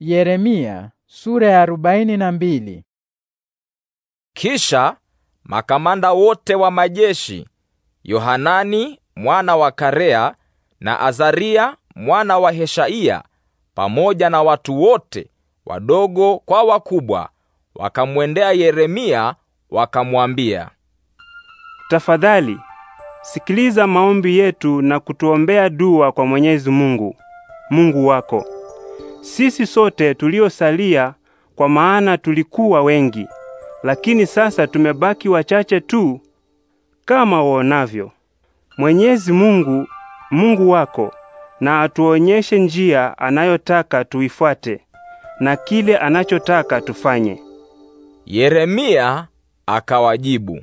Yeremia sura ya arobaini na mbili. Kisha makamanda wote wa majeshi Yohanani mwana wa Karea na Azaria mwana wa Heshaia pamoja na watu wote wadogo kwa wakubwa wakamwendea Yeremia wakamwambia, tafadhali sikiliza maombi yetu na kutuombea dua kwa Mwenyezi Mungu Mungu wako sisi sote tuliosalia, kwa maana tulikuwa wengi, lakini sasa tumebaki wachache tu, kama uonavyo. Mwenyezi Mungu, Mungu wako, na atuonyeshe njia anayotaka tuifuate na kile anachotaka tufanye. Yeremia akawajibu,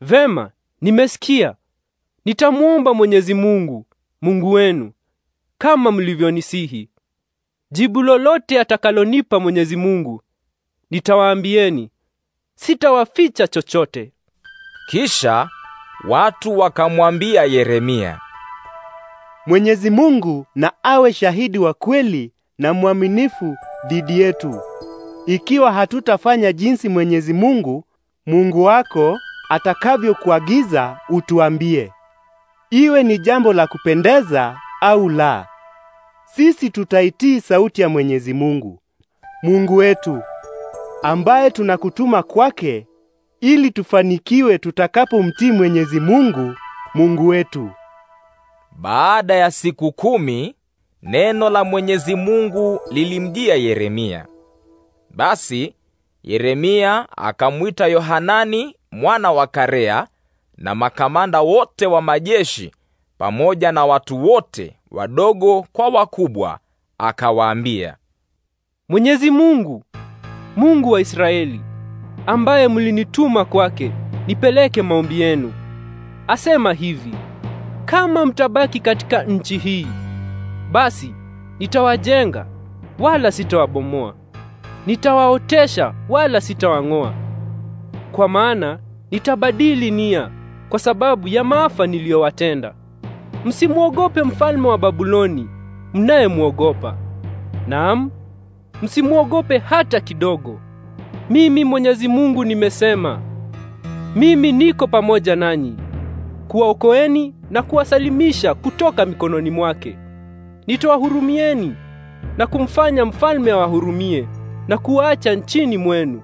Vema, nimesikia. Nitamuomba Mwenyezi Mungu, Mungu wenu, kama mlivyonisihi. Jibu lolote atakalonipa Mwenyezi Mungu nitawaambieni, sitawaficha chochote. Kisha watu wakamwambia Yeremia, Mwenyezi Mungu na awe shahidi wa kweli na mwaminifu dhidi yetu, ikiwa hatutafanya jinsi Mwenyezi Mungu Mungu wako atakavyokuagiza utuambie, iwe ni jambo la kupendeza au la sisi tutaitii sauti ya Mwenyezi Mungu Mungu wetu ambaye tunakutuma kwake ili tufanikiwe tutakapomtii Mwenyezi Mungu Mungu wetu. Baada ya siku kumi, neno la Mwenyezi Mungu lilimjia Yeremia. Basi Yeremia akamwita Yohanani mwana wa Karea na makamanda wote wa majeshi pamoja na watu wote wadogo kwa wakubwa, akawaambia, Mwenyezi Mungu, Mungu wa Israeli, ambaye mlinituma kwake nipeleke maombi yenu, asema hivi: kama mtabaki katika nchi hii, basi nitawajenga wala sitawabomoa, nitawaotesha wala sitawang'oa. Kwa maana nitabadili nia kwa sababu ya maafa niliyowatenda. Msimwogope mfalme wa Babuloni mnayemwogopa. Naam, msimwogope hata kidogo. Mimi Mwenyezi Mungu nimesema. Mimi niko pamoja nanyi kuwaokoeni na kuwasalimisha kutoka mikononi mwake. Nitawahurumieni na kumfanya mfalme awahurumie na kuwaacha nchini mwenu.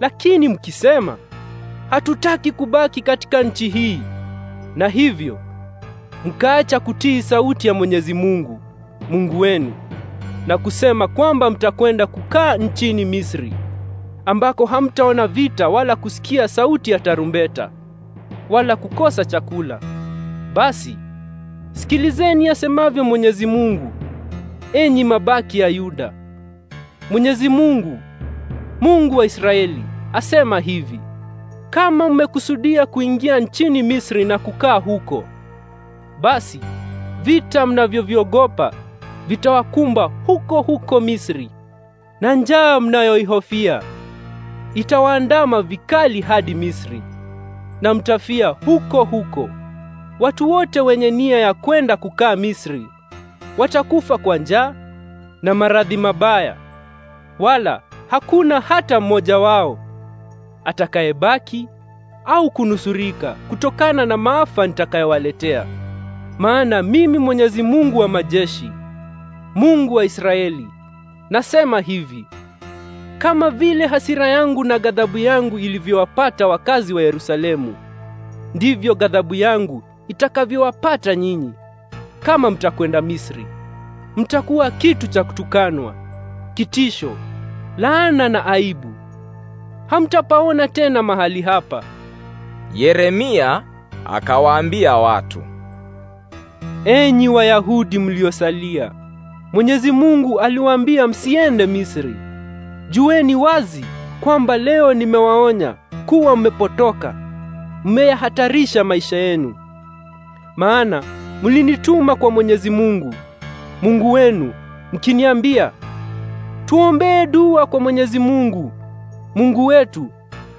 Lakini mkisema hatutaki kubaki katika nchi hii, na hivyo mkaacha kutii sauti ya Mwenyezi Mungu Mungu wenu na kusema kwamba mtakwenda kukaa nchini Misri ambako hamtaona vita wala kusikia sauti ya tarumbeta wala kukosa chakula. Basi sikilizeni asemavyo Mwenyezi Mungu, enyi mabaki ya Yuda. Mwenyezi Mungu, Mungu wa Israeli, asema hivi: kama mmekusudia kuingia nchini Misri na kukaa huko basi vita mnavyoviogopa vitawakumba huko huko Misri, na njaa mnayoihofia itawaandama vikali hadi Misri, na mtafia huko huko. Watu wote wenye nia ya kwenda kukaa Misri watakufa kwa njaa na maradhi mabaya, wala hakuna hata mmoja wao atakayebaki au kunusurika kutokana na maafa nitakayowaletea. Maana mimi Mwenyezi Mungu wa majeshi, Mungu wa Israeli, nasema hivi: kama vile hasira yangu na ghadhabu yangu ilivyowapata wakazi wa Yerusalemu, ndivyo ghadhabu yangu itakavyowapata nyinyi kama mtakwenda Misri. Mtakuwa kitu cha kutukanwa, kitisho, laana na aibu. Hamtapaona tena mahali hapa. Yeremia akawaambia watu Enyi Wayahudi mliosalia, Mwenyezi Mungu aliwaambia msiende Misri. Jueni wazi kwamba leo nimewaonya kuwa mmepotoka, mmeyahatarisha maisha yenu. Maana mlinituma kwa Mwenyezi Mungu, Mungu wenu, mkiniambia, tuombee dua kwa Mwenyezi Mungu, Mungu wetu,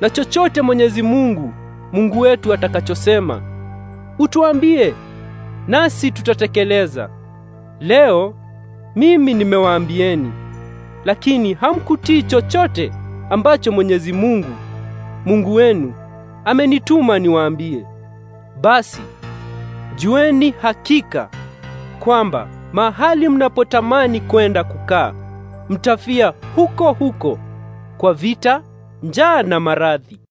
na chochote Mwenyezi Mungu, Mungu wetu atakachosema utuambie nasi tutatekeleza. Leo mimi nimewaambieni, lakini hamkutii chochote ambacho Mwenyezi Mungu Mungu wenu amenituma niwaambie. Basi jueni hakika kwamba mahali mnapotamani kwenda kukaa mtafia huko huko kwa vita, njaa na maradhi.